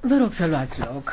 Vă rog să luați loc.